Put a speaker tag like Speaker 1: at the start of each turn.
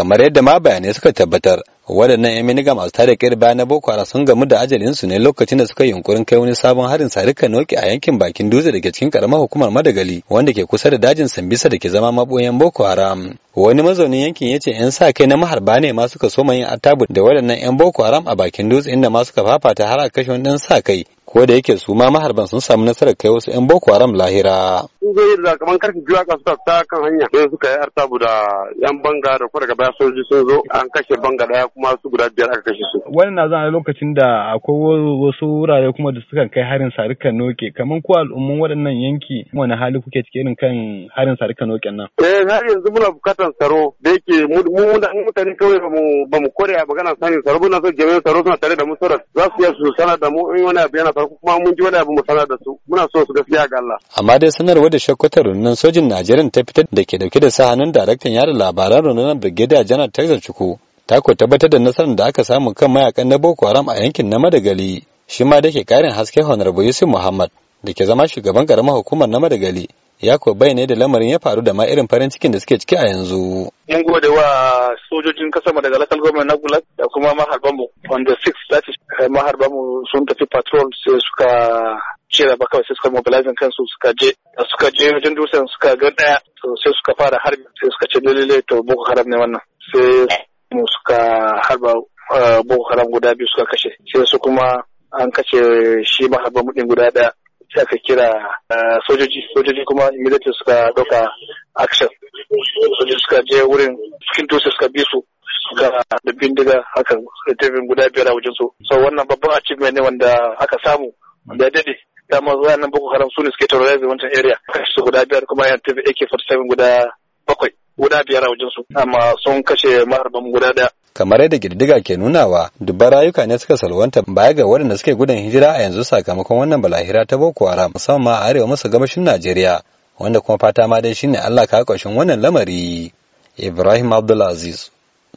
Speaker 1: kamar yadda ma bayanai suka tabbatar waɗannan 'yan miniga masu tada kayar bayan na boko haram sun gamu da ajalinsu ne lokacin da suka yunkurin kai wani sabon harin sarika noki a yankin bakin dutse da ke cikin karamar hukumar madagali wanda ke kusa da dajin sambisa da ke zama maboyan boko haram wani mazaunin yankin ya ce 'yan sa kai na maharba ne ma suka soma yin attabu da waɗannan 'yan boko haram a bakin dutse inda ma suka fafata har a kashe wani ɗan sa kai ko da yake su ma maharban sun samu nasarar kai wasu 'yan boko haram lahira.
Speaker 2: Kungiyoyi da kamar karfe biyu ka suka ta kan hanya don suka yi artabu da 'yan banga da kwarga baya sojoji sun zo an kashe banga daya kuma su guda biyar aka kashe su.
Speaker 1: Wani na zana lokacin da akwai wasu wurare kuma da suka kai harin sarika noke kamar ko al'umman waɗannan yanki wani hali kuke cike irin kan harin sarika noke nan.
Speaker 2: Eh har yanzu muna bukatar tsaro da yake mu mutane kawai ba mu ba mu kore a magana sanin tsaro muna so jami'an tsaro suna tare da mu sauran za su iya su sanar da mu in wani abu yana farko kuma mun ji wani abu mu sanar da su muna so su gaskiya ga Allah
Speaker 1: amma dai sanarwa da shakkwatar rundunar sojin Najeriya ta fitar da ke dauke da sa hannun daraktan yada labaran rundunar Brigadier General Texas Chuku ta ko tabbatar da nasarar da aka samu kan mayakan na Boko Haram a yankin na Madagali shi ma dake karin haske Honorable Yusuf Muhammad da ke zama shugaban karamar hukumar na Madagali ya ko bayyana da lamarin ya faru da ma irin farin cikin da suke ciki a yanzu.
Speaker 3: Mun gode wa sojojin kasar daga local na Gulag da kuma ma mu on the 6 that maharba mu sun tafi patrol sai suka cira ba kawai sai suka mobilizing kansu suka je suka je wajen dutsen suka ga daya to sai suka fara harbi sai suka ce lalle to boko haram ne wannan sai mu suka harba eh, boko haram guda biyu suka kashe sai su kuma an kashe shi harba mudin guda daya sai aka kira eh, sojoji sojoji kuma immediately suka dauka action sojoji suka je wurin cikin dutse suka bi su suka da bindiga haka suka tafi guda biyar a wajen su so wannan babban achievement ne wanda aka samu da ya dade dama zuwa nan boko haram su ne suke terrorize wancan area kashi su guda biyar kuma ya tafi ak-47 guda bakwai guda biyar a wajen su amma sun kashe maharban guda daya
Speaker 1: kamar yadda girdiga ke nunawa dubban rayuka ne suka salwanta baya ga waɗanda suke gudun hijira a yanzu sakamakon wannan balahira ta boko haram musamman ma a arewa masu gabashin najeriya wanda kuma fata ma dai shine allah ka ƙoshin wannan lamari ibrahim abdulaziz